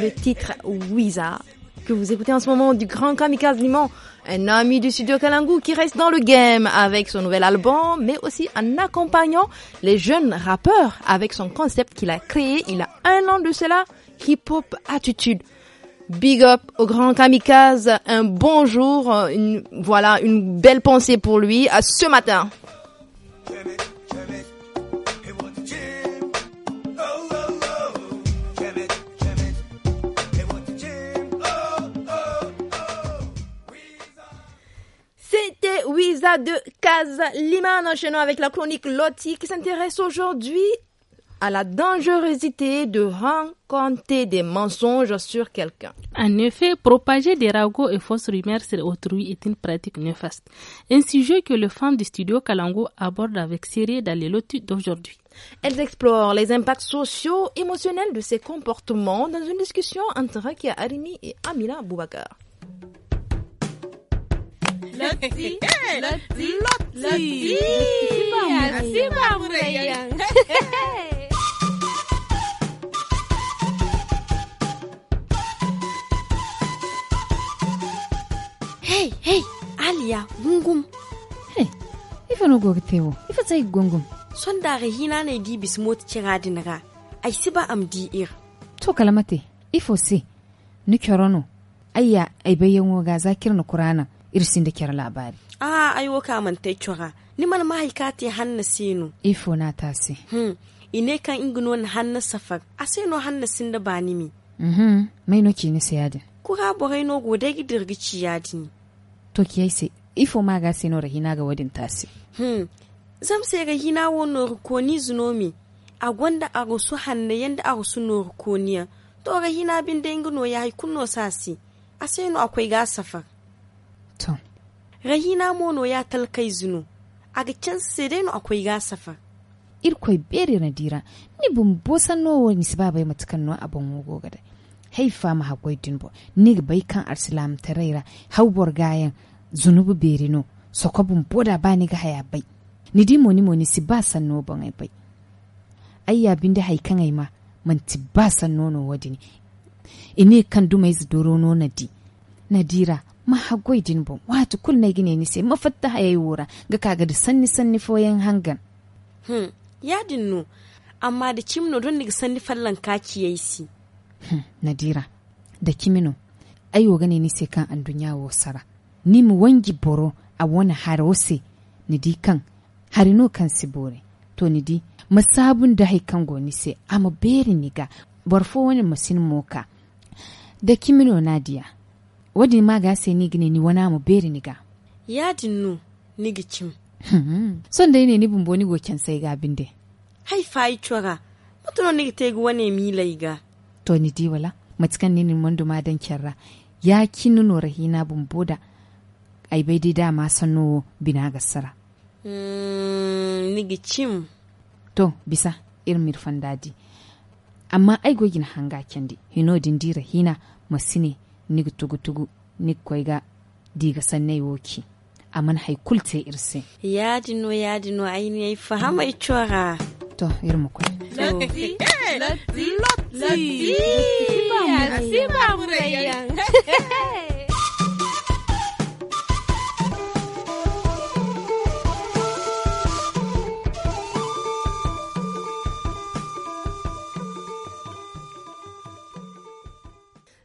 le titre Wiza que vous écoutez en ce moment du grand Kamikaze Limon, un ami du studio Kalangu qui reste dans le game avec son nouvel album, mais aussi en accompagnant les jeunes rappeurs avec son concept qu'il a créé il y a un an de cela, Hip Hop Attitude. Big up au grand Kamikaze, un bonjour, voilà, une belle pensée pour lui à ce matin. Wiza de Kaza en enchaînant avec la chronique Loti qui s'intéresse aujourd'hui à la dangerosité de raconter des mensonges sur quelqu'un. En effet, propager des ragots et fausses rumeurs sur autrui est une pratique néfaste. Un sujet que le fan du studio Kalango aborde avec série dans les lotus d'aujourd'hui. Elles explorent les impacts sociaux, émotionnels de ces comportements dans une discussion entre Rakia Arimi et Amila Boubacar. Loti, loti, loti. Simba Murayan. Hey, hey, Alia, gungum. Hey, ifa no gogteo. Ifa tsai gungum. Son dare hina ne di bismot ciradi naga. Ai siba am di ir. To kalamate, ifo si. Ni kyorono. Ayya, ai bayan woga zakir na kurana. irsin da kyar labari a ayo kaman ta tai cura ni man ma haikati hanna sinu ifo na ta se hmm ine kan ingino na hannu safar a sai no hannu sin da ba ni mi mhm mai no ki ni sai yadi ku ha borai no gode gi dirgici yadi to ki ai ifo ma ga sai no rahina ga wadin tasi hmm zam sai rahina wo no ko ni zunomi a gwanda a rusu hannu yanda a rusu no koniya to rahina bin da ingino ya sa sasi a sai no akwai gasafar mutum. rahina mono ya talkai a ga can sedeno akwai gasafa irkoi beri na dira ni bun bosa nowa ni ba bai matukan a abon wogo gada haifa ma hakoi dinbo ni bai kan arsilam taraira haubor gayan zunubu beri no bun boda ba ni ga haya bai ni di moni moni si ba san no bon bai ayya bin da haikan ai ma man ti ba san nono wadi ni ine kan duma iz doro no na di nadira ma hagwai din bom kul na gine ni sai mafatta yi wura ga kaga da sanni sanni foyen hangan hmm ya dinnu amma da kimno don ni sanni fallan kaki yayi si hmm. nadira da kimino ayo gane ni sai kan andunya wo sara ni mu wangi boro a wani harose ni di kan harino kan sibore to ni di masabun da haikan goni sai amma beri ni ga barfo wani masin moka da kimino nadia wadi ma ga se ni gine ni wana mu beri ni ga ya dinu ni gicim hmm, hmm. son dai ne ni bumbo ni goken sai ga binde hai fai ga mutuno ni te go wane mi lai ga to ni di wala matikan ni ni mondo ma dan kyarra ya kinu no rahina bumbo da ai bai dai dama sanu bina ga sara mm, ni gicim to bisa irmir fandadi amma ai gogin hanga kendi hino dindira hina masine nig tugutugu nig koyga digasanay woki aman hay kulte irse yadino yadino ainiyay fahamay cora to irma koy Lotzi, Lotzi, Lotzi, Lotzi, Lotzi, Lotzi, Lotzi, Lotzi,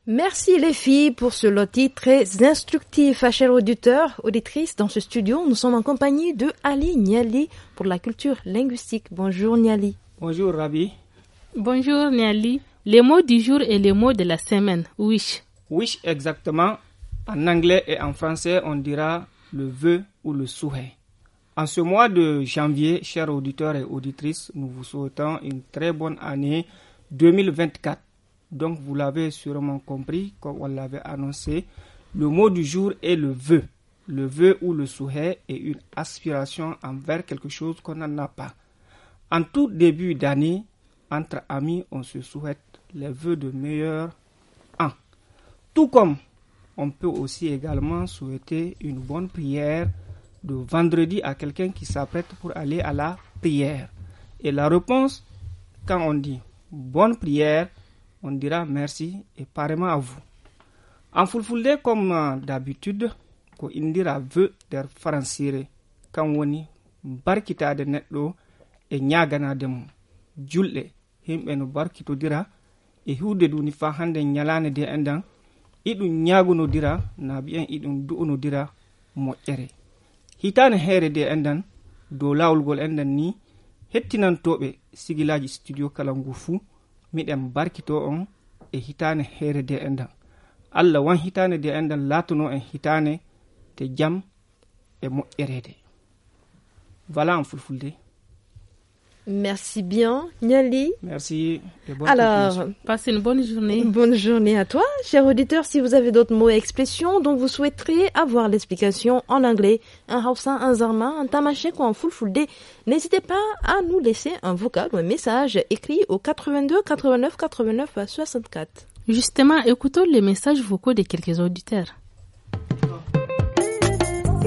Merci les filles pour ce loti très instructif. À chers auditeurs, auditrices, dans ce studio, nous sommes en compagnie de Ali Niali pour la culture linguistique. Bonjour Niali. Bonjour Rabi. Bonjour Niali. Les mots du jour et les mots de la semaine. Wish. Wish exactement. En anglais et en français, on dira le vœu ou le souhait. En ce mois de janvier, chers auditeurs et auditrices, nous vous souhaitons une très bonne année 2024 donc vous l'avez sûrement compris, comme on l'avait annoncé, le mot du jour est le vœu. Le vœu ou le souhait est une aspiration envers quelque chose qu'on n'en a pas. En tout début d'année, entre amis, on se souhaite les vœux de meilleur an. Tout comme on peut aussi également souhaiter une bonne prière de vendredi à quelqu'un qui s'apprête pour aller à la prière. Et la réponse, quand on dit bonne prière, on dira merci et parement à vous en fulfulde comme euh, d'habitude ko indira veu nder francire kam woni barkitade neɗɗo e ñaganade mum julɗe himɓe no barkitodira e hude duni fa hande ñalade de en dan iɗum ñagunodira na bien iɗum du'unodira moƴƴere hitane heere de en dan dow lawolgol en dan ni hettinantoɓe sigilaji studio kala ngu fuu miɗen barkito on e hitane heere de endal allah wan hitane de endal latuno en hitane te jam e moƴƴerede wala an fulfulde Merci bien, Niali. Merci. Alors, passez une bonne journée. Bonne journée à toi, cher auditeur. Si vous avez d'autres mots et expressions dont vous souhaiteriez avoir l'explication en anglais, un Hausa, un Zarma, un Tamashek ou en Fulfulde, n'hésitez pas à nous laisser un vocal ou un message écrit au 82 89 89 64. Justement, écoutons les messages vocaux de quelques auditeurs.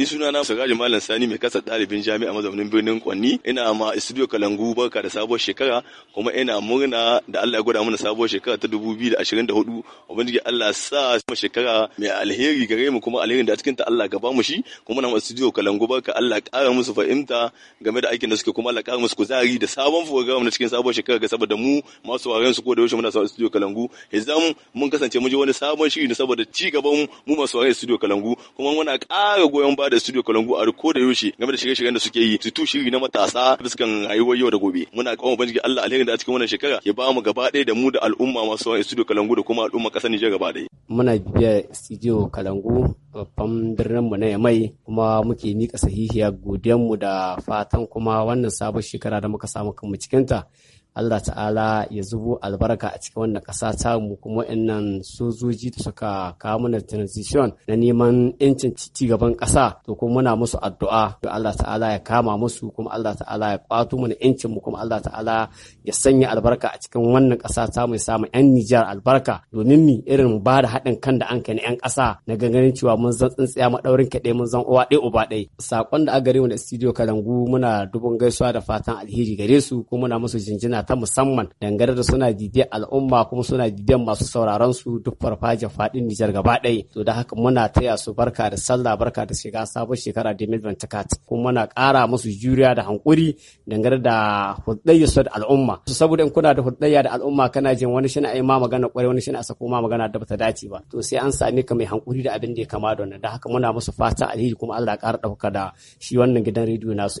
Ni suna na Siraji Malam Sani mai kasa ɗalibin jami'a mazaunin birnin Kwanni. Ina ma Studio Kalangu barka da sabuwar shekara kuma ina murna da Allah ya gwada mana sabuwar shekara ta 2024. Ubangiji Allah sa sama shekara mai alheri gare mu kuma alherin da cikin ta Allah gaba mu shi kuma na ma Studio Kalangu barka Allah ƙara musu fahimta game da aikin da suke kuma Allah ƙara musu kuzari da sabon program na cikin sabuwar shekara ga saboda mu masu waren su ko da yaushe muna sa Studio Kalangu. hizam mun kasance mun ji wani sabon shiri ne saboda ci gaban mu masu waren Studio Kalangu kuma muna ƙara goyon ba da studio Kalangu a ko da yaushe game da shirye-shiryen da suke yi su tu shiri na matasa fuskan rayuwar yau da gobe muna kawo jiki Allah alheri da a cikin wannan shekara ya ba mu gaba ɗaya da mu da al'umma masu wani studio Kalangu da kuma al'umma kasar Nijar gaba ɗaya muna biya studio Kalangu babban birnin mu na Yamai kuma muke mika sahihiya godiyar mu da fatan kuma wannan sabon shekara da muka samu kanmu cikin ta Allah ta'ala ya zubo albarka a cikin wannan ƙasa ta mu kuma nan sojoji da suka kawo mana transition na neman yancin ci gaban ƙasa to kuma muna musu addu'a to Allah ta'ala ya kama musu kuma Allah ta'ala ya kwato mana yancin mu kuma Allah ta'ala ya sanya albarka a cikin wannan ƙasa ta mu ya samu yan Nijar albarka domin mi irin ba da haɗin kan da an kai na yan ƙasa na ganganin cewa mun zan tsintsiya maɗaurin kaɗai mun zan uwa ɗaya uba ɗaya saƙon da a gare mu da studio Kalangu muna dubun gaisuwa da fatan alheri gare su kuma muna musu jinjina magana ta musamman dangane da suna didiyar al'umma kuma suna didiyar masu sauraron su duk farfajin faɗin Nijar gaba ɗaya. To da haka muna taya su barka da sallah barka da shiga sabon shekara da Milton Takat kuma muna ƙara musu juriya da hankuri dangane da hulɗayya su da al'umma. To saboda in kuna da hulɗayya da al'umma kana jin wani shi na ma magana ƙwarai wani shi na sako ma magana da bata dace ba. To sai an sami ka mai hankuri da abin da ya kama da wannan. Da haka muna musu fata alheri kuma Allah ƙara ɗauka da shi wannan gidan rediyo nasu.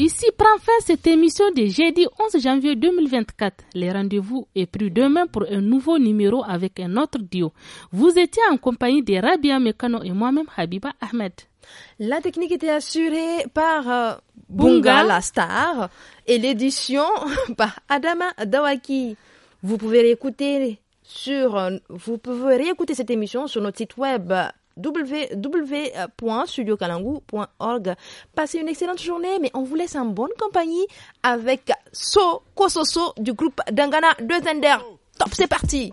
Ici prend fin cette émission de jeudi 11 janvier 2024. Les rendez-vous est pris demain pour un nouveau numéro avec un autre duo. Vous étiez en compagnie de Rabia Mekano et moi-même Habiba Ahmed. La technique était assurée par euh, Bunga, la star et l'édition <laughs> par Adama Dawaki. Vous pouvez réécouter sur euh, vous pouvez réécouter cette émission sur notre site web www.studiokalangu.org. Euh, Passez une excellente journée, mais on vous laisse en bonne compagnie avec So Kososo du groupe Dangana de Zender. Top, c'est parti!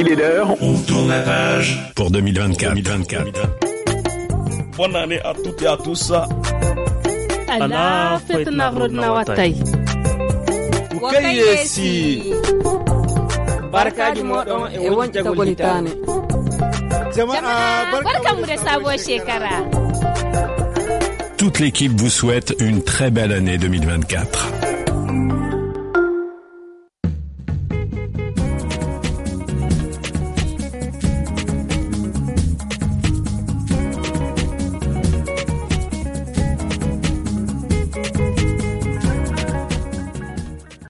Il est l'heure. On tourne la page pour 2024. 2024. Bonne année à toutes et à tous. Allah fitna rodna watay. Kukayesi. Barkaji modon e, e wonta golitane. Jama'a barkamu da sabuwar shekara. Toute l'équipe vous souhaite une très belle année 2024.